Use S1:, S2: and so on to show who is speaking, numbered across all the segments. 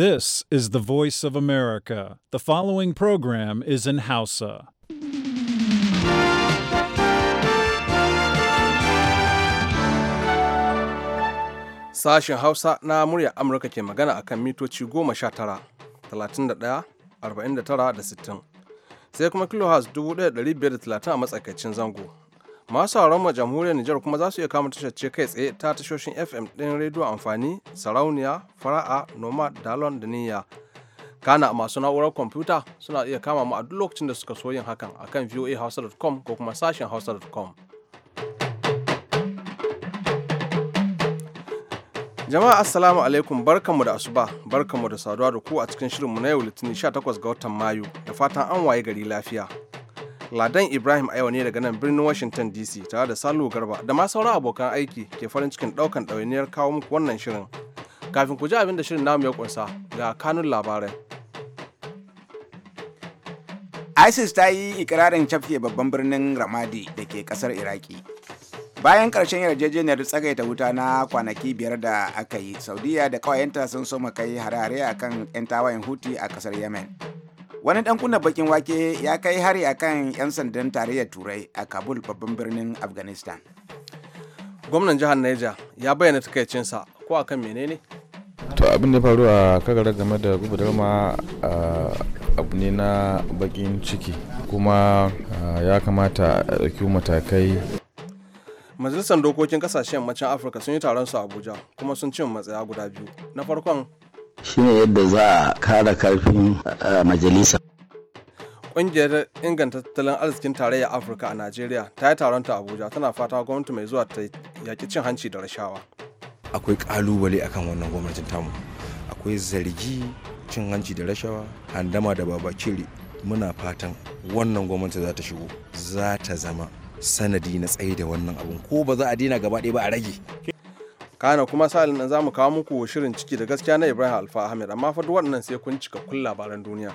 S1: This is the voice of America. The following program is in Hausa.
S2: Sashen Hausa na murya Amurka ke magana a kan mitoci goma 19, 31, 49 da 60, sai kuma kilohaz 1530 a matsakaicin zango. masu sauran ma jamhuriyar Nijar kuma za su iya kama tashar kai tsaye ta tashoshin FM ɗin rediyo amfani, sarauniya, fara'a, noma, dalon da niyya. Kana masu na'urar kwamfuta suna iya kama mu a duk lokacin da suka so yin hakan akan voahouse.com ko kuma sashen hausa.com. Jama'a assalamu alaikum barkanmu da asuba barkanmu da saduwa da ku a cikin shirinmu na yau litinin 18 ga watan Mayu da fatan an waye gari lafiya. Ladan Ibrahim Ayo ne daga nan birnin Washington DC tare da Salo Garba da ma sauran abokan aiki ke farin cikin daukan ɗawainiyar kawo muku wannan shirin. Kafin ku ji abin da shirin namu ya kunsa ga kanun labarai.
S3: ISIS ta yi ikirarin cafke babban birnin Ramadi da ke kasar Iraki. Bayan ƙarshen yarjejeniyar tsagaita wuta na kwanaki biyar da aka yi, Saudiya da kawayenta sun soma kai hare-hare a kan 'yan tawayen Huti a kasar Yemen. wani dan kunna bakin wake ya kai hari akan 'yan sandan tarayyar turai a kabul
S2: babban birnin afghanistan gwamnan jihar niger ya bayyana takaicinsa ko akan menene
S4: to abin da faru a kagara game da gubudar ma abu ne na bakin ciki kuma ya kamata a ɗauki
S5: matakai
S2: majalisar dokokin kasashen yammacin afirka sun yi taron su abuja kuma sun cin matsaya guda biyu na farkon
S5: shine yadda za a kara karfin majalisa
S2: Ƙungiyar inganta tattalin arzikin tarayya Afirka a Najeriya ta yi taron ta Abuja tana fata gwamnati mai zuwa ta yaƙi cin hanci da rashawa.
S5: Akwai
S4: ƙalubale akan wannan gwamnatin tamu. Akwai zargi cin hanci da rashawa, handama da Baba kiri. Muna fatan wannan gwamnati za ta shigo, za ta zama sanadi na tsaye da wannan abun
S2: ko ba za a dina gaba ɗaya ba a rage. kana kuma sa'ilin nan za mu kawo muku shirin ciki da gaskiya na ibrahim alfa ahmed amma fa waɗannan sai kun cika kun labaran duniya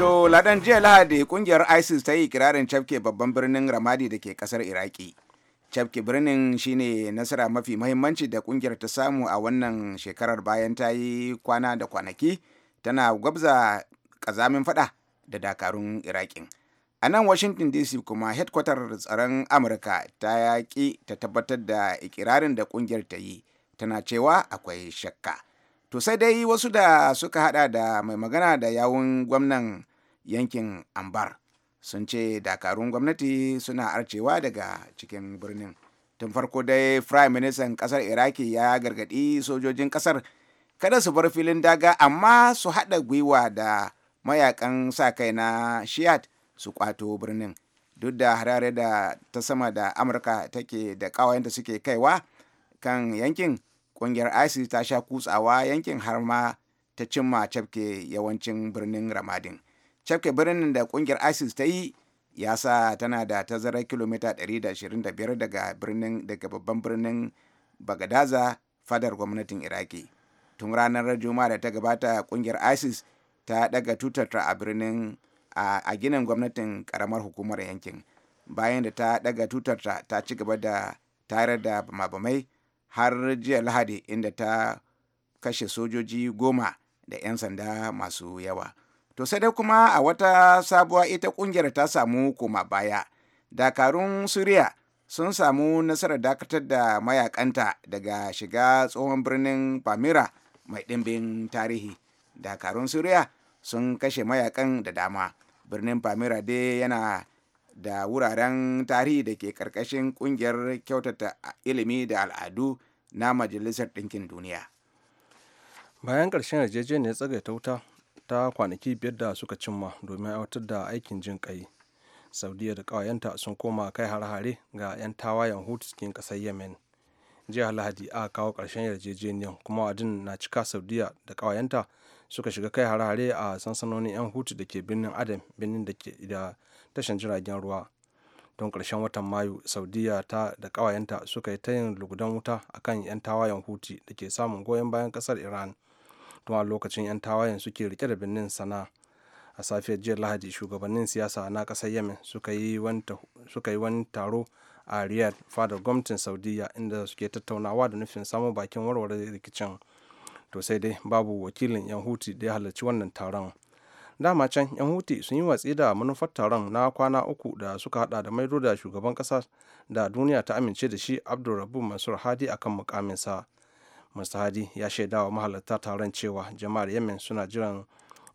S3: to ladan jiya lahadi kungiyar isis ta yi kirarin cafke babban birnin ramadi da ke kasar iraki cafke birnin shine nasara mafi mahimmanci da kungiyar ta samu a wannan shekarar bayan ta yi kwana da kwanaki tana gwabza kazamin fada da dakarun irakin a nan washington dc kuma hedkwatar tsaron amurka ta yaƙi ta tabbatar da ikirarin da ƙungiyar ta yi tana cewa akwai shakka to sai dai wasu da suka hada da mai magana da yawun gwamnan yankin ambar sun ce dakarun gwamnati suna arcewa daga cikin birnin tun farko dai prime minister kasar iraki ya gargadi sojojin kasar kada su bar filin daga amma su haɗa gwiwa da mayakan sa kai na shiat su kwato birnin duk da harare da ta sama da amurka take da kawayen da suke kaiwa kan yankin kungiyar isis ta sha kutsawa yankin har ma ta cimma cafke yawancin birnin ramadin cafke birnin da kungiyar isis ta yi ya sa tana da tazarar kilomita 125 daga birnin daga babban birnin bagadaza fadar gwamnatin iraki tun ranar juma'a da ta gabata kungiyar isis ta daga tutarta a birnin a ginin gwamnatin karamar hukumar yankin bayan da ta daga tutarta ta ci gaba da tare da mabamai har jiya lahadi inda ta kashe sojoji goma da 'yan sanda masu yawa to sai dai kuma a wata sabuwa ita kungiyar ta samu koma baya dakarun suriya sun samu nasarar dakatar da mayakanta daga shiga tsohon birnin pamira mai ɗimbin tarihi dakarun suriya sun kashe mayakan da dama birnin pamira dai yana da wuraren tarihi da ke karkashin kungiyar kyautata ilimi da al'adu na majalisar ɗinkin
S2: duniya bayan ƙarshen yarjejeniyar tsagaita wuta ta kwanaki biyar da suka cimma domin aiwatar da aikin jin ƙai saudiya da ƙawayenta sun koma kai har-hare ga 'yan tawayen hutu cikin ƙasar yemen jiya lahadi a kawo ƙarshen yarjejeniyar kuma wadin na cika saudiya da ƙawayenta suka shiga kai hare a sansanonin 'yan hutu da ke birnin adam birnin da ke da tashan jiragen ruwa don ƙarshen watan mayu saudiya ta da ƙawayenta suka yi ta yin lugudan wuta a kan 'yan tawayen hutu da ke samun goyon bayan ƙasar iran tun a lokacin 'yan tawayen suke rike da birnin sana a safiyar jiya lahadi shugabannin siyasa na ƙasar yamin suka yi wani taro a riyadh fadar gwamnatin saudiya inda suke tattaunawa da nufin samun bakin warware rikicin to sai dai babu wakilin yan huti da ya halarci wannan taron dama can yan huti sun yi watsi da manufar taron na kwana uku da suka hada da maido da shugaban kasa da duniya ta amince da shi abdulrabu mansur hadi akan mukaminsa mr hadi ya shaidawa mahalarta taron cewa jama'ar yemen suna jiran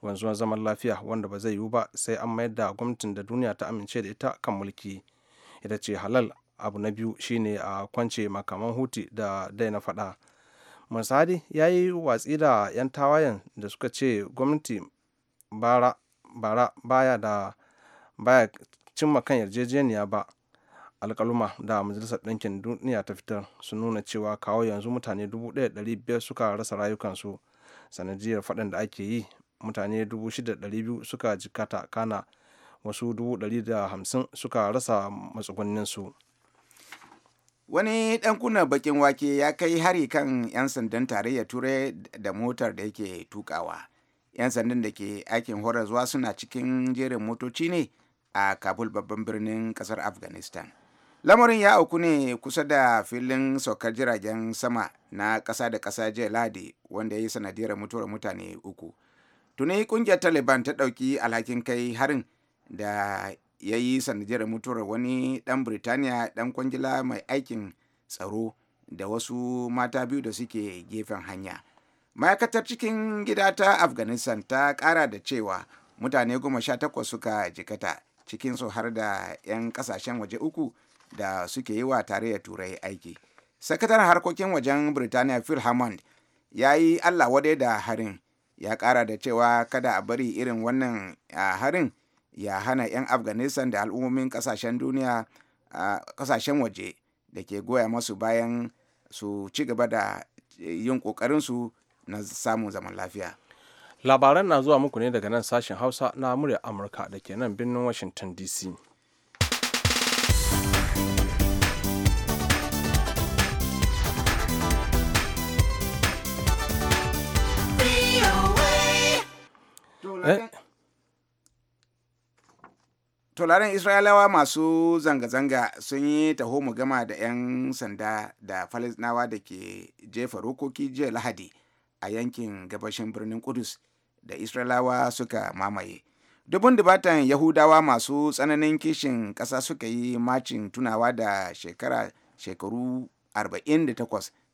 S2: wanzuwan zaman lafiya wanda ba zai yiwu ba sai an mayar da gwamnatin da duniya ta amince da ita kan mulki ita ce halal abu na biyu shine a kwance makaman huti da dai na faɗa musadi ya yi watsi da 'yan tawayen da suka ce gwamnati bara baya da baya cimma kan yarjejeniya ba alkaluma da majalisar ɗinkin duniya ta fitar su nuna cewa kawo yanzu mutane 1,500 suka rasa rayukansu sanadiyar faɗin da ake yi mutane 6,200 suka jikata kana wasu 1,500 suka rasa matsugunninsu. su
S3: wani dan bakin wake ya kai hari kan 'yan sandan tarayyar turai da motar da yake tukawa 'yan sandan da ke aikin horar zuwa suna cikin jerin motoci ne a kabul babban birnin kasar afghanistan lamarin ya auku ne kusa da filin saukar jiragen sama na ƙasa da ƙasa jiya ladi wanda ya yi sanadiyar mutuwar mutane uku tuni kungiyar taliban ta ɗauki alhakin kai harin da ya yi sanadiyar mutuwar wani ɗan Birtaniya ɗan kwangila mai aikin tsaro da wasu mata biyu da suke gefen hanya. Ma'aikatar cikin gida ta Afghanistan ta ƙara da cewa mutane goma sha takwas suka jikata cikin su har da 'yan ƙasashen waje uku da suke yi wa tare da turai aiki. Sakataren harkokin wajen Birtaniya Phil Hammond ya yi Allah wadai da harin ya ƙara da cewa kada a bari irin wannan harin ya hana 'yan afghanistan da al'ummomin kasashen duniya a kasashen waje da ke goya masu bayan su ci gaba da yin
S2: su na samun zaman lafiya labaran na zuwa muku ne daga nan sashen hausa na murya amurka da ke nan birnin washington dc Eh?
S3: tolaren isra'ilawa masu zanga-zanga sun yi taho mu gama da 'yan sanda da falisnawa da ke jefa rokoki jiya lahadi a yankin gabashin birnin kudus da isra'ilawa suka mamaye dubun dubatan yahudawa masu tsananin kishin ƙasa suka yi macin tunawa da shekara shekaru 48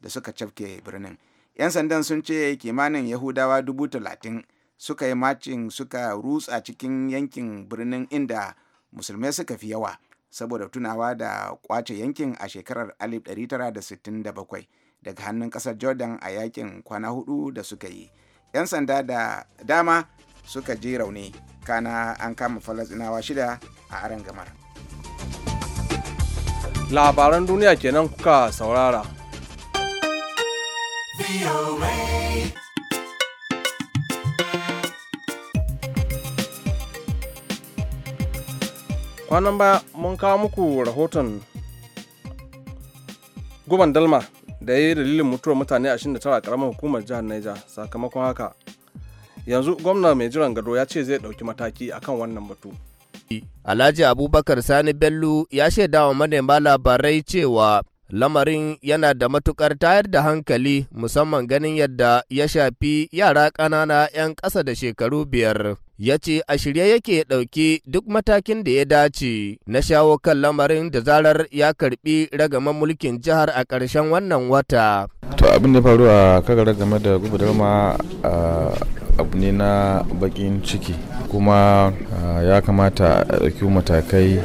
S3: da suka cafke birnin 'yan sandan sun ce kimanin yahudawa dubu talatin suka yi macin suka rutsa cikin yankin birnin inda musulmai suka fi yawa saboda tunawa da kwace yankin a shekarar 1967 daga hannun kasar jordan a yakin kwana hudu da suka yi 'yan sanda da dama suka ji rauni kana an kama falasinawa shida a aron gamar
S2: labaran duniya kenan kuka saurara kwanan ba mun kawo muku rahoton guban dalma da ya yi dalilin mutuwar mutane 29 a karamar hukumar jihar Niger sakamakon haka yanzu gwamna mai jiran gado ya ce zai ɗauki mataki akan wannan batu.
S6: Alhaji Abubakar Sani Bello ya shaida wa manema labarai cewa lamarin yana da matukar tayar da hankali musamman ganin yadda ya shafi yara ƙanana 'yan ƙasa da shekaru biyar. ya ce a shirye yake ɗauki duk matakin da ya dace na shawo kan lamarin da zarar ya karbi ragaman mulkin jihar a karshen wannan wata.
S4: To abin da faru a kagara game da gubudarma abu ne na bakin ciki kuma ya kamata a ɗauki matakai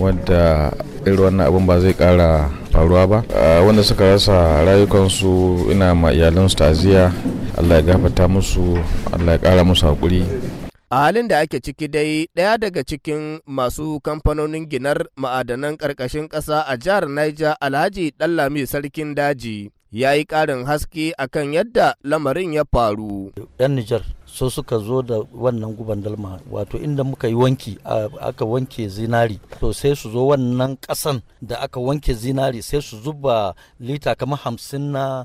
S4: wadda irin wannan abin ba zai kara faruwa ba wanda suka rasa rayukansu ina ma iyalansu ta'aziyya allah ya gafata musu allah ya ƙara musu haƙuri
S6: A halin da ake ciki dai ɗaya daga cikin masu kamfanonin ginar ma'adanan ƙarƙashin ƙasa a jihar Niger Alhaji Ɗallami Sarkin Daji ya yi ƙarin haske akan yadda lamarin ya faru. Ɗan Nijar so suka zo da wannan guban dalma
S5: wato inda muka yi wanki aka wanke zinari to sai su zo wannan kasan da aka wanke zinari sai su zuba lita kaman hamsin na,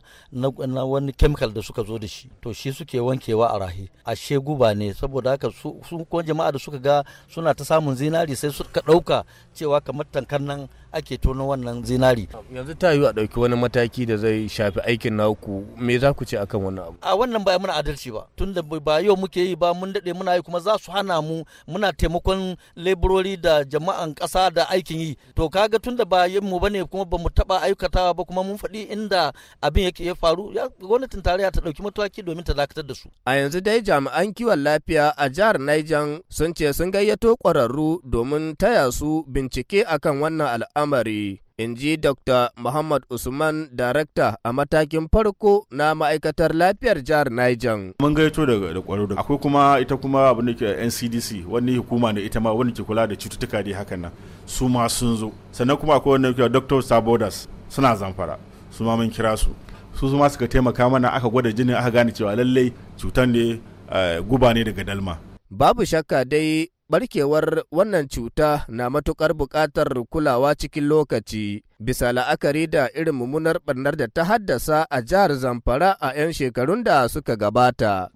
S5: na, wani kemikal da suka zo da shi to shi suke wankewa a rahi ashe guba ne saboda haka su, su jama'a da suka ga suna ta samun zinari sai suka ɗauka cewa kamar tankar nan ake
S6: tono wannan zinari yanzu ta yiwu a ɗauki wani mataki da zai shafi aikin naku me za ku ce akan wannan abu
S5: a wannan ba muna adalci ba tun da ba ba yau muke yi ba mun daɗe muna yi kuma za su hana mu muna taimakon leburori da jama'an ƙasa da aikin yi to kaga tun da ba yin mu bane kuma ba mu taɓa aikatawa ba kuma mun faɗi inda abin yake ya faru gwamnatin tarayya ta ɗauki mataki domin ta dakatar da su.
S6: a yanzu dai jami'an kiwon lafiya a jihar Niger sun ce sun gayyato kwararru domin taya su bincike akan wannan al'amari. in ji Dr. Muhammad Usman, Darakta a matakin farko na ma'aikatar lafiyar jihar Niger. Mun gaito da kwaro da akwai kuma ita kuma abu da ke
S7: NCDC wani hukuma da ita ma wani ke kula da cututtuka dai hakan nan su ma sun zo sannan kuma akwai wani ke Dr. Sabodas suna zamfara su ma mun kira su su su ma suka taimaka mana
S6: aka gwada jinin aka gane cewa lallai cutan ne eh, guba ne daga dalma. Babu shakka dai barkewar wannan cuta na matuƙar buƙatar kulawa cikin lokaci bisa la'akari da irin mummunar ɓarnar da ta haddasa a jihar zamfara a 'yan shekarun da suka gabata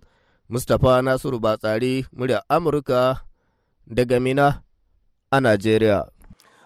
S6: mustapha nasiru batsari murya amurka daga mina a najeriya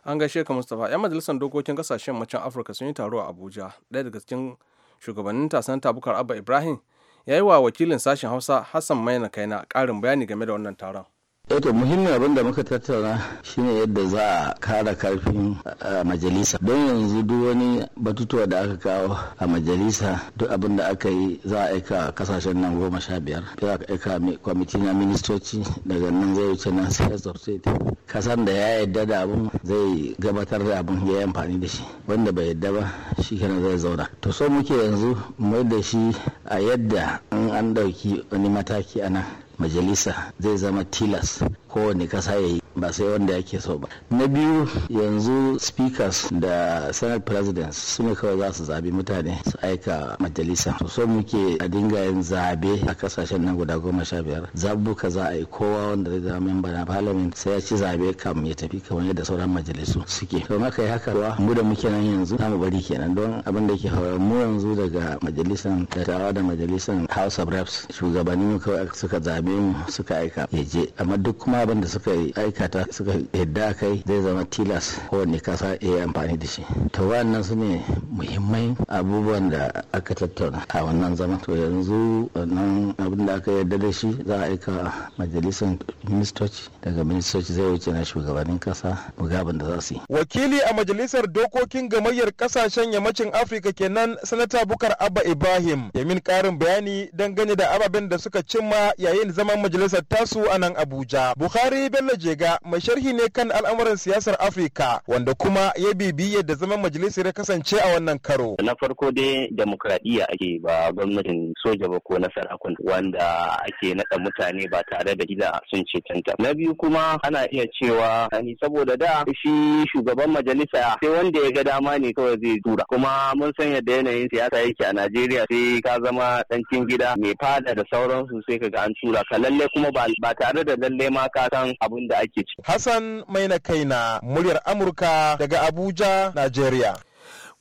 S2: an gaishe ka mustapha 'yan majalisar dokokin kasashen macen afirka sun yi taro a abuja ɗaya daga cikin shugabannin tasan tabukar abba ibrahim ya yi wa wakilin sashen hausa hassan maina kaina ƙarin bayani game da wannan taron
S5: Eto eh muhimmin abin da muka tattauna shine yadda za a kara karfin majalisa don yanzu duk wani batutuwa da aka kawo a majalisa duk abinda da aka yi za a aika kasashen nan goma sha biyar za a aika kwamiti na ministoci daga nan zai wuce nan heads of state kasan da ya yadda da abin zai gabatar da abin ya yi amfani da shi wanda bai yadda ba shi kenan zai zauna to so muke yanzu mu da shi a yadda in an ɗauki wani mataki a nan majalisa zai zama tilas kowane kasa ya yi ba sai wanda yake so ba na biyu yanzu speakers da senate presidents su ne kawai za su zabi mutane su aika majalisa so muke a dinga yin zabe a kasashen nan guda goma sha biyar zabuka za a yi kowa wanda zai zama memba na parliament sai ya ci zabe kam ya tafi kamar yadda sauran majalisu suke to maka yi haka kuwa mu da muke nan yanzu za mu bari kenan don abin da ke hawa mu yanzu daga majalisan dattawa da majalisan house of reps shugabanni mu kawai suka zabe mu suka aika ya je amma duk kuma abin da suka aika ma'aikata suka yadda kai zai zama tilas ko kowanne kasa ya yi amfani da shi to wannan su ne muhimmai abubuwan da aka tattauna a wannan zama to yanzu wannan abin da aka yarda da shi za a aika majalisar ministoci daga ministoci zai wuce na shugabannin kasa mugaban da za su yi
S4: wakili a majalisar dokokin gamayyar kasashen yammacin afirka kenan sanata bukar abba ibrahim yamin karin bayani dangane da ababen da suka cimma yayin zaman majalisar tasu a nan abuja buhari bello jega mai sharhi ne kan al'amuran siyasar Afirka wanda kuma ya bibi yadda zaman majalisa ya kasance a wannan karo.
S5: Na farko dai demokradiyya ake ba gwamnatin soja ba ko na sarakun wanda ake naɗa mutane ba tare da gida sun ce cancanta. Na biyu kuma ana iya cewa ni saboda da shi shugaban majalisa sai wanda ya ga dama ne kawai zai tura. Kuma mun san yadda yanayin siyasa yake a Najeriya sai ka zama ɗan gida mai fada da sauransu sai ka ga an tura ka lalle kuma ba tare da lalle ma
S2: ka san abin da ake Hassan Maina na muryar Amurka daga Abuja, Najeriya.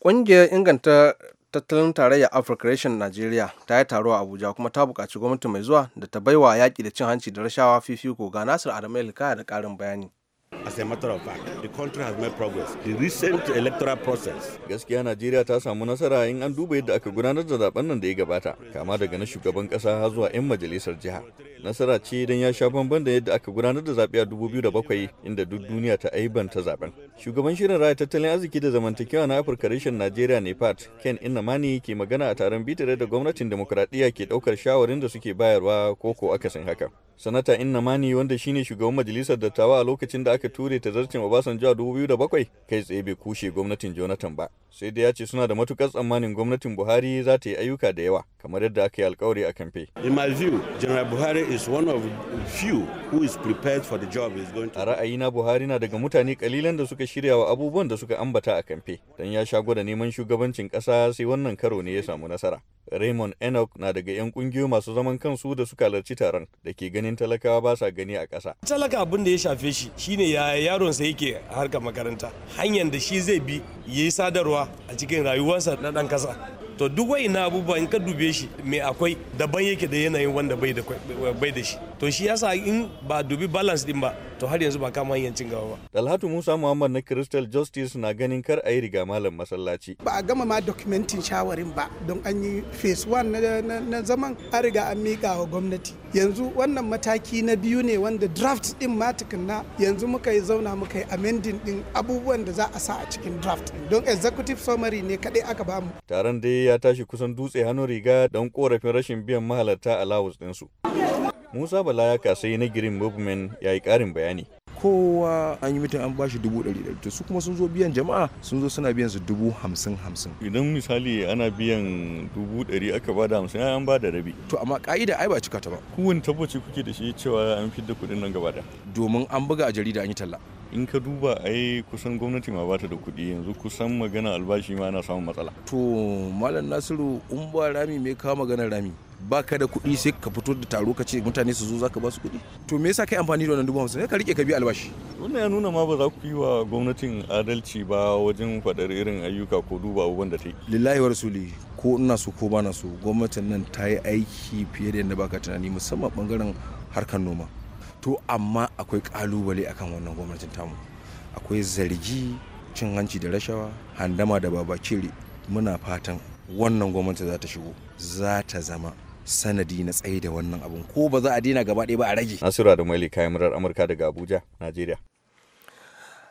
S2: Ƙungiyar inganta tattalin tarayyar Afirka reshen Najeriya ta yi taro a Abuja kuma ta buƙaci gwamnati mai zuwa da ta baiwa yaƙi da cin hanci da rashawa fifiko ga Nasir
S8: Adamu Elkaya da ƙarin bayani. As a matter of fact, the country has made progress. The recent electoral process. Gaskiya Najeriya ta samu nasara in an duba yadda aka gudanar da zaben nan da ya gabata, kama daga na shugaban kasa har zuwa 'yan majalisar jiha. Nasara ce don ya sha bamban da yadda aka gudanar da zaɓe a 2007 inda duk duniya ta aiban ta zaben. Shugaban shirin raya tattalin arziki da zamantakewa na Afirka reshen Najeriya Nepad, Ken Innamani ke magana a taron bitare da gwamnatin demokuraɗiyya ke daukar shawarin da suke bayarwa ko ko akasin haka. sanata mani wanda shine shugaban majalisar dattawa a lokacin da aka ture ta zarcin obasanjo a 2007 kai tsaye bai kushe gwamnatin jonathan ba sai da ya ce suna da matukar tsammanin gwamnatin buhari za ta yi ayyuka da yawa kamar yadda aka yi alkawari a kamfe in my view general buhari is one of few who is for the job is going to a ra'ayina buhari na daga mutane kalilan da suka shirya wa abubuwan da suka ambata a kamfe don ya sha gwada neman shugabancin kasa sai wannan karo ne ya samu nasara raymond enoch na daga yan kungiyoyi masu zaman kansu da suka halarci taron da ke ganin ra'ayin talakawa ba sa gani a ƙasa.
S9: Talaka abin da ya shafe shi shine ya yaronsa yake harkar makaranta hanyar da shi zai bi ya yi sadarwa a cikin rayuwarsa na ɗan ƙasa. to duk na abubuwa in ka dube shi mai akwai daban yake da yanayin wanda bai da shi to shi yasa in ba dubi balance
S8: din ba to har yanzu ba kama hanyar cin gaba ba. Talhatu Musa Muhammad na Crystal Justice na ganin kar a yi riga malam masallaci.
S3: Ba a gama ma dokumentin shawarin ba don an yi phase one na, zaman an riga an miƙa wa gwamnati. Yanzu wannan mataki na biyu ne wanda draft din ma tukunna yanzu muka yi zauna muka yi amending din abubuwan da za a sa a cikin draft don executive summary ne kadai aka bamu.
S8: Taron da ya ya tashi kusan dutse hannun riga don korafin rashin biyan mahalarta a allowance dinsu. Musa Bala ya kasai na Green Movement ya yi ƙarin bayani.
S4: kowa an yi mutum an bashi dubu ɗari ɗari to su kuma sun zo biyan jama'a sun zo
S8: suna biyan su dubu hamsin hamsin idan misali ana biyan dubu ɗari aka ba da hamsin an ba da rabi to amma ka'ida ai ba cika ta ba kowane tabbaci kuke da shi cewa an fidda kuɗin nan gaba da domin an buga a jarida an yi talla in ka duba ai kusan gwamnati ma bata da kuɗi yanzu kusan magana albashi ma ana samun matsala to
S4: malam nasiru in ba rami mai kawo magana rami ba ka da kuɗi sai ka fito da taro ka ce mutane su zo za ka ba su kuɗi to me yasa kai amfani da wannan dubu
S8: hamsin ka rike ka bi albashi wannan ya nuna ma ba za ku yi wa gwamnatin adalci ba wajen faɗar irin ayyuka ko duba abubuwan da ta yi
S4: lillahi wa rasuli ko ina so ko bana so gwamnatin nan ta yi aiki fiye da yadda ba ka tunani musamman bangaren harkar noma to amma akwai kalubale akan wannan gwamnatin tamu akwai zargi cin hanci da rashawa handama da baba cire muna fatan wannan gwamnati za ta shigo za ta
S8: zama sanadi na tsaye da wannan abun
S2: ko ba za a dina gaba ɗaya ba a rage
S8: nasura da maili kayan murar amurka daga abuja najeriya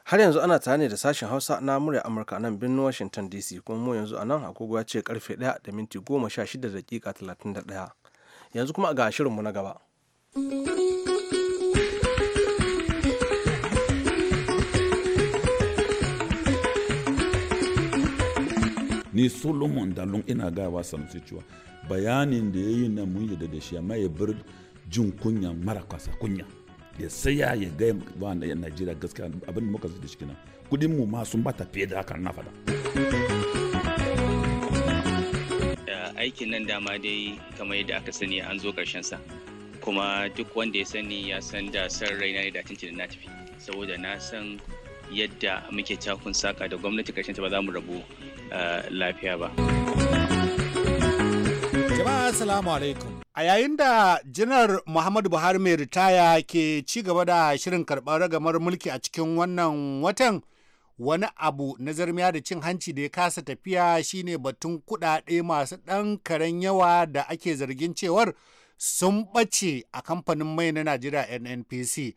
S2: har yanzu ana tare ne da sashen hausa na murya amurka nan birnin washington dc kuma mu yanzu a nan agogo ya ce karfe 1 da minti 16 da dakika 31 yanzu kuma ga shirinmu na gaba
S1: ni solomon dalon ina gawa sanusi cewa bayanin da ya yi na mun yi da shi amma ya bar jin kunya mara kwasa kunya ya saya ya gaya wa najeriya gaskiya abin da muka zai da shi kina kudin mu ma sun bata fiye da haka na faɗa.
S10: aikin nan dama dai kamar yadda aka sani an zo karshen sa kuma duk wanda ya sani ya san da san raina ne da tunci da na tafi saboda na san yadda muke cakun saka da gwamnati karshen ta ba za mu rabu Eh, lafiya ba.
S7: Jama'a asalamu alaikum. A yayin da Janar Muhammadu Buhari mai ritaya ke ci gaba da shirin karɓar ragamar mulki a cikin wannan watan wani abu na zarmiya da cin hanci da ya kasa tafiya shine batun kuɗaɗe masu ɗan karen yawa da ake zargin cewar sun ɓace a kamfanin mai na Najeriya NNPC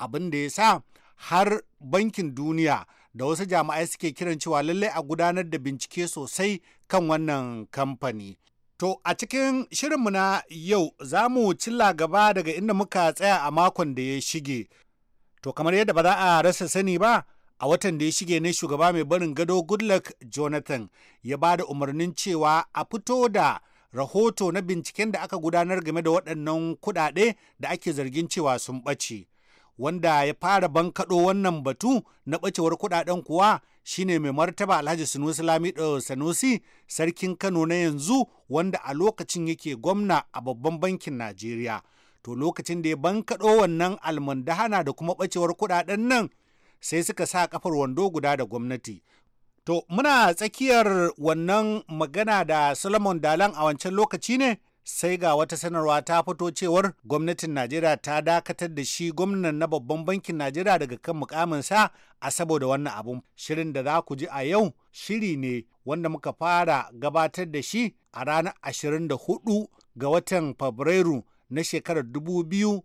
S7: abin da ya sa har bankin duniya da wasu jami'ai suke kiran cewa lallai a gudanar da bincike sosai kan wannan kamfani. To a cikin shirinmu na yau za mu cilla gaba daga inda muka tsaya a makon da ya shige. To kamar yadda ba za a rasa sani ba, a watan da ya shige ne shugaba mai barin gado Goodluck Jonathan ya ba da umarnin cewa a fito da rahoto na binciken da aka gudanar game da waɗannan kuɗaɗe da ake zargin cewa sun ɓace. wanda ya fara bankaɗo wannan batu na ɓacewar kuɗaɗen kuwa shine mai martaba alhaji sanusi lamido sanusi sarkin kano na yanzu wanda a lokacin yake gwamna a babban bankin najeriya to lokacin da ya bankaɗo wannan almandahana da kuma ɓacewar kuɗaɗen nan sai suka sa kafar wando guda da gwamnati to muna tsakiyar wannan magana da solomon dalan a wancan lokaci ne sai ga wata sanarwa ta fito cewar gwamnatin Najeriya ta dakatar da shi gwamnan na babban bankin Najeriya daga kan mukaminsa a saboda wannan abun. Shirin da za ku ji a yau shiri ne wanda muka fara gabatar da shi a ranar 24 ga watan Fabrairu na shekarar 2014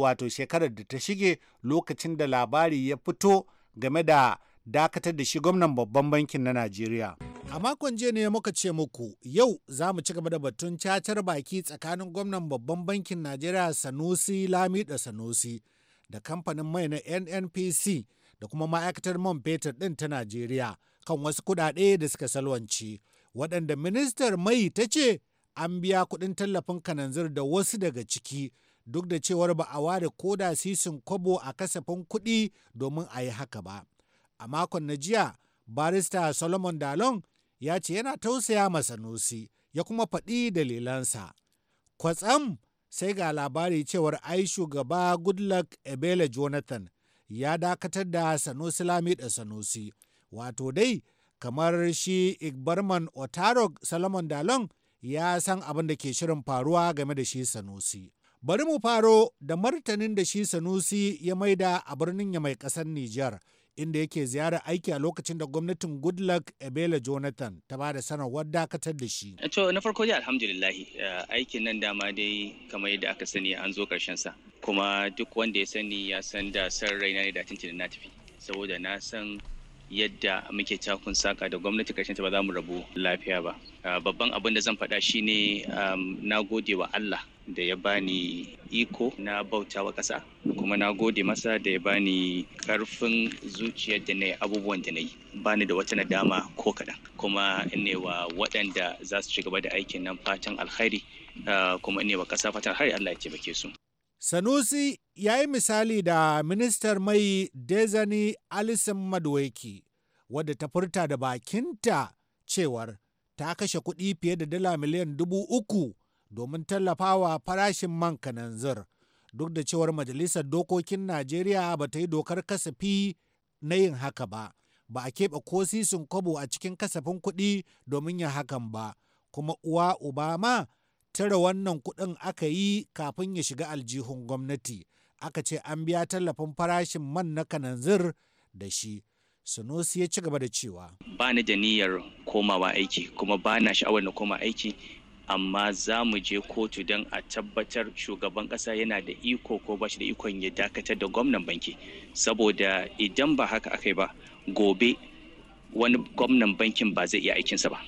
S7: wato shekarar da ta shige lokacin da labari ya fito game da dakatar da shi gwamnan babban bankin na Najeriya. A makon jiya ne muka ce muku yau za mu ci gaba da batun cacar baki tsakanin gwamnan babban bankin Najeriya Sanusi da Sanusi da kamfanin mai na NNPC da kuma ma'aikatar man fetur ɗin ta Najeriya kan wasu kuɗaɗe da suka salwanci waɗanda ministar mai ta ce an biya kuɗin tallafin kananzir da wasu daga ciki duk da cewar ba a ware ko da sisin kwabo a kasafin kuɗi domin a yi haka ba. A makon na jiya barista solomon dalon ya ce yana tausaya ma sanusi ya kuma faɗi dalilansa kwatsam sai ga labari cewar ai shugaba goodluck ebele jonathan ya dakatar da sanusi lamida sanusi wato dai kamar shi igbarman otarok solomon dalon ya san abin da ke shirin faruwa game da shi sanusi bari mu faro da martanin da shi sanusi ya maida a birnin ya mai ƙasar nijar inda yake ziyarar aiki a lokacin da gwamnatin goodluck ebele jonathan ta ba da sanarwar dakatar da shi
S10: eh, to na farko dai alhamdulillahi eh, aikin nan dama dai kamar yadda aka sani an zo karshen sa kuma duk wanda ya sani ya san da san raina ne da tuntuni na tafi saboda na san yadda muke cakun saka da gwamnati karshen ta ba za mu rabu lafiya ba ah, babban abin da zan faɗa shine na gode wa Allah da ya bani iko na bauta wa ƙasa kuma na gode masa da ya bani ƙarfin zuciyar da na yi abubuwan da na yi bani da wata nadama ko kaɗan kuma ne wa waɗanda za su ci gaba da aikin nan fatan alkhairi ah, kuma ne wa ƙasa fatan alkhairi Allah ya taimake su
S7: Sanusi ya yi misali da ministar mai Dezani Alison Madweki, wadda ta furta da bakinta cewar ta kashe kuɗi fiye da dala miliyan dubu uku domin tallafawa farashin man kananzir, duk da cewar Majalisar Dokokin Najeriya ba ta yi dokar kasafi na yin haka ba, ba a keɓe ko sisin kwabo a cikin kasafin kuɗi domin yin hakan ba, kuma uwa Obama. Tare wannan kuɗin aka yi kafin ya shiga aljihun gwamnati aka ce an biya tallafin farashin man na kananzir da shi sunusi ya ci gaba da cewa
S10: ba ni da niyyar komawa aiki kuma ba na sha'awar na koma aiki amma za mu je kotu don a tabbatar shugaban ƙasa yana da iko ko ba shi da ikon ya dakatar da gwamnan banki saboda idan ba haka aka yi ba gobe wani gwamnan bankin ba zai iya aikinsa ba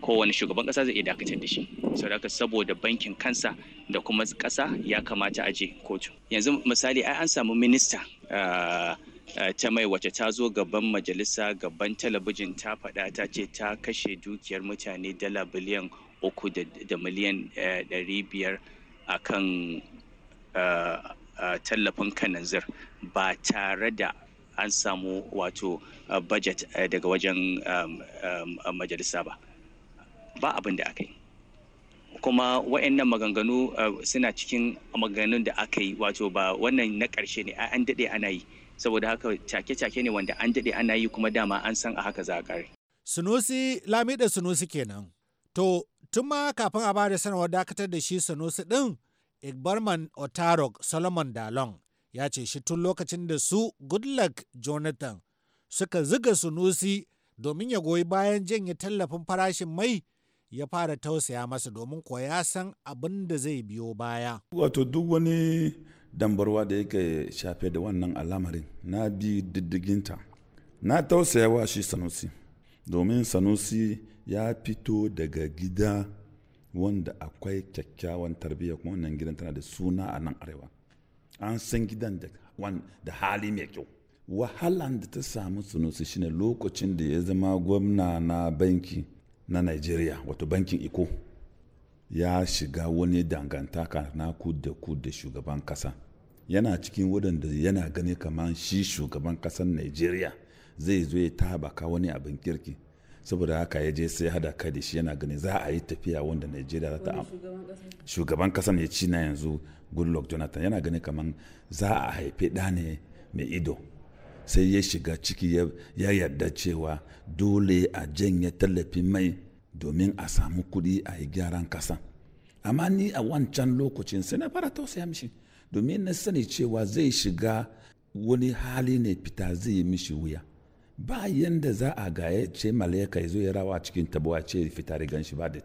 S10: kowane shugaban kasa zai iya dakatar da shi saboda saboda bankin kansa da kuma kasa ya kamata a je kotu yanzu misali ai an samu minista ah, ah, ta mai wace ta zo gaban majalisa gaban talabijin ta faɗa ta ce ta kashe dukiyar mutane dala biliyan uku da miliyan eh, ɗari biyar a kan ah, tallafin kananzir ba tare da an samu wato budget eh, daga wajen majalisa ba ba abin da aka yi kuma wa'annan maganganu eh, suna cikin maganganun da aka yi wato ba wannan na ƙarshe ne an daɗe ana yi saboda haka cake-cake ne wanda an daɗe ana yi kuma dama an san a haka za a ƙare.
S7: sunusi lamida sunusi kenan to tun ma kafin a bada sanarwar dakatar da shi sunusi ɗin igbarman otarok solomon dalon ya ce shi tun lokacin da su goodluck jonathan suka ziga sunusi domin ya goyi bayan janye tallafin farashin mai ya fara tausaya masa domin kuwa ya san abin da zai biyo baya.
S1: Wato duk wani dambarwa da yake shafe da wannan al'amarin na bi diddiginta. Na tausaya wa shi Sanusi, domin Sanusi ya fito daga gida wanda akwai kyakkyawan tarbiyya kuma wannan gidan tana da suna a nan arewa. An san gidan da hali mai kyau. Wahalan da ta samu Sanusi shine lokacin da ya zama gwamna na banki. na nigeria wato bankin iko ya shiga wani dangantaka na da ku da shugaban kasa yana cikin waɗanda yana gani kamar shi shugaban kasar nigeria zai zo ya tabaka wani abin kirki saboda haka ya je sai hada kai da shi yana gani za a yi tafiya wanda nigeria za ta shugaban kasar ya ci na yanzu goodluck jonathan yana gani kamar za a haife dane mai ido sai ya shiga ciki ya yarda cewa dole a janye tallafin mai domin a samu kuɗi a yi gyaran kasa amma ni a wancan lokacin sai na fara tausaya mishi domin na sani cewa zai shiga wani hali ne fita zai yi mishi wuya ba yanda za a gaye ce malaika ya zo ya rawa cikin tabuwa ce fita rigan shi ba da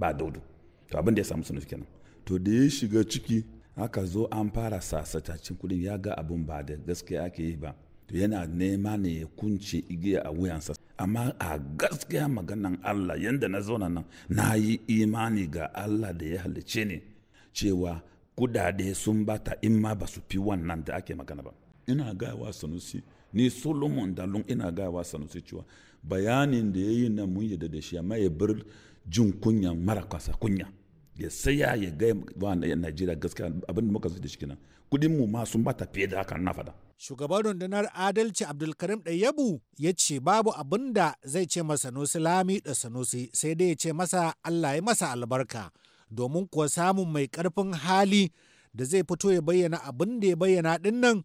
S1: ba daudu to abin da ya samu sunufi kenan to da ya shiga ciki aka zo an fara cikin kudin ya ga abin ba da gaskiya ake yi ba to yana nema ne ya kunce igiya a wuyansa amma a gaskiya maganan Allah yadda na zauna nan na yi imani ga Allah da ya halice ne cewa kudade sun bata in ma ba su fi wannan da ake magana ba ina gawa sanusi ni solomon dalun ina gawa sanusi cewa bayanin da ya yi nan mun yadda da shi amma ya bar jin kunya mara kasa kunya ya saya ya gaya wa Najeriya gaskiya abin da muka zai da shi kenan kudin mu ma sun bata fiye da haka na faɗa.
S7: Shugaban rundunar adalci Abdulkarim Ɗayyabu
S1: ya ce babu abin
S7: da zai ce masa Sanusi Lami da Sanusi sai dai ya ce masa Allah ya masa albarka domin kuwa samun mai karfin hali da zai fito ya bayyana abin da ya bayyana dinnan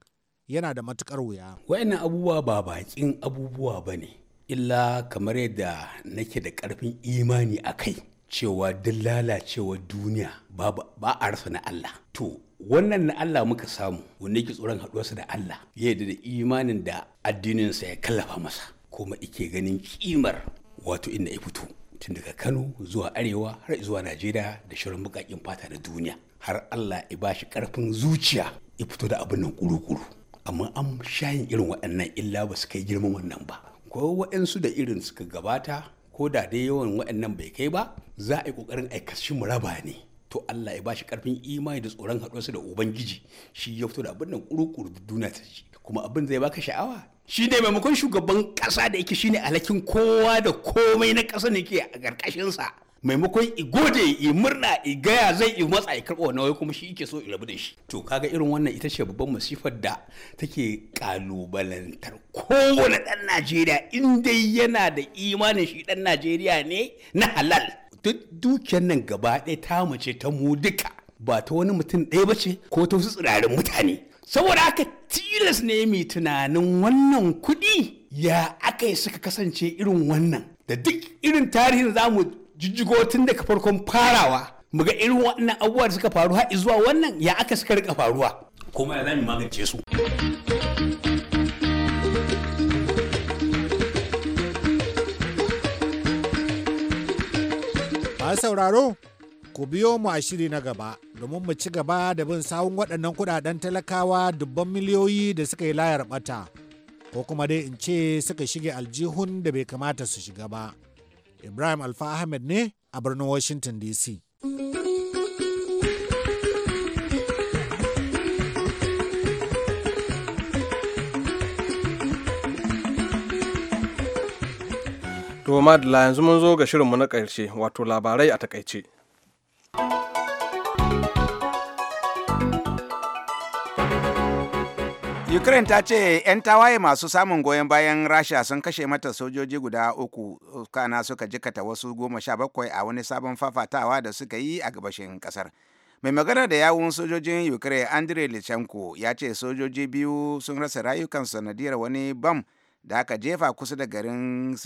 S7: yana da matukar wuya.
S9: Wa'annan abubuwa ba bakin abubuwa ba ne illa kamar yadda nake da karfin imani a kai. cewa duk lalacewar duniya babu ba a rasa na Allah to wannan na Allah muka samu wanda yake tsoron haɗuwarsa da Allah ya yadda da imanin da addininsa ya kallafa masa kuma ike ganin kimar wato inda ya fito tun daga Kano zuwa Arewa har zuwa Najeriya da shirin bukakin fata na duniya har Allah ya bashi karfin zuciya ya fito da abin nan kuru-kuru amma an shayin irin waɗannan illa ba su kai girman wannan ba ko waɗansu da irin suka gabata ko da dai yawan waɗannan bai kai ba za a yi ƙoƙarin mu muraba ne to Allah ya bashi karfin imani da tsoron haɗuwarsa da ubangiji shi ya fito da abin nan kurukuru da duniya ta ji kuma abin zai baka sha'awa shi ne maimakon shugaban ƙasa da yake shine alhakin kowa da komai na ƙasa ne ke a ƙarƙashinsa maimakon i gode i murna i gaya zai i matsa i karɓo wani kuma shi yake so i rabu da shi to kaga irin wannan ita ce babban masifar da take kalubalantar kowane ɗan najeriya in dai yana da imanin shi ɗan najeriya ne na halal duk dukiyar nan gaba ɗaya ta mace ta mu duka ba ta wani mutum ɗaya ba ce ko ta wasu tsirarin mutane saboda haka tilas ne mai tunanin wannan kuɗi ya aka yi suka kasance irin wannan da duk irin tarihin zamu jijjigo tun daga farkon farawa mu ga irin waɗannan abubuwa da suka faru har zuwa wannan ya aka suka rika faruwa kuma ya zamu magance su
S7: Ba sauraro ku biyo mu a shiri na gaba domin mu ci gaba da bin sawun waɗannan kuɗaɗen talakawa dubban miliyoyi da suka yi layar bata ko kuma dai in ce suka shige aljihun da bai kamata su shiga ba. Ibrahim Alfa Ahmed ne a birnin Washington DC.
S2: To madalla yanzu mun zo ga shirinmu na ƙarshe wato labarai a takaice.
S3: Ukraine ta ce 'yan tawaye masu samun goyon bayan Rasha sun kashe mata sojoji guda uku kana suka jikata wasu goma sha bakwai a wani sabon fafatawa da suka yi a gabashin kasar. Mai magana da yawun sojojin Ukraine Andrei Lichenko ya ce sojoji biyu sun rasa rayukan sanadiyar wani bam da aka jefa kusa da garin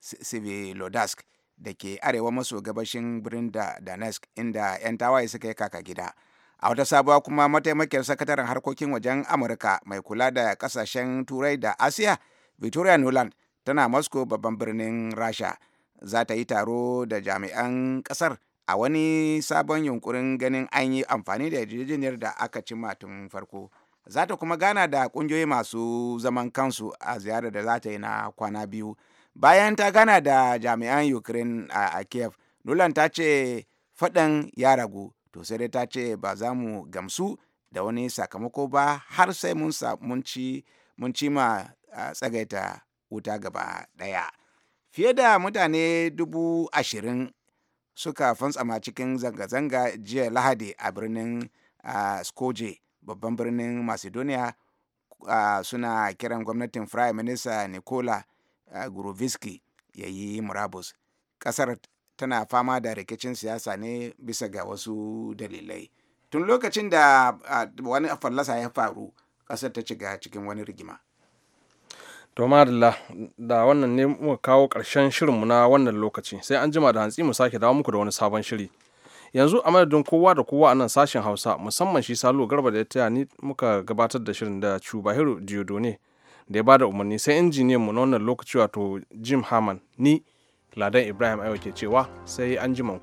S3: Sivilodask da ke arewa maso gabashin birnin Donetsk inda 'yan tawaye suka yi kaka gida. a wata sabuwa kuma mataimakiyar sakataren harkokin wajen amurka mai kula da kasashen turai da asiya victoria nuland tana moscow babban birnin rasha za ta yi taro da jami'an kasar a wani sabon yunkurin ganin an yi amfani da yarjejeniyar da aka ci tun farko za ta kuma gana da kungiyoyi masu zaman kansu a ziyarar da za ta yi na kwana biyu bayan ta gana da jami'an ukraine a kiev nuland ta ce faɗan ya ragu to sai dai ta ce ba za mu gamsu da wani sakamako ba har sai mun ci mun ci ma tsagaita wuta gaba ɗaya fiye da mutane dubu ashirin suka fantsama cikin zanga-zanga jiya lahadi a birnin skoje babban birnin macedonia suna kiran gwamnatin prime minister nicola uh, ya yi murabus ƙasar tana fama da rikicin siyasa ne bisa ga wasu dalilai tun lokacin da wani fallasa ya faru kasar ta shiga cikin wani rigima
S2: to madalla da wannan ne muka kawo ƙarshen shirinmu na wannan lokaci sai an jima da hantsi mu sake dawo muku da wani sabon shiri yanzu a madadin kowa da kowa a nan sashen hausa musamman shi salo garba da ya taya ni muka gabatar da shirin da chubahiru diodone da ya bada umarni sai injiniyan mu na wannan lokaci wato jim haman ni Ladan Ibrahim Ayo ke cewa sai an ku.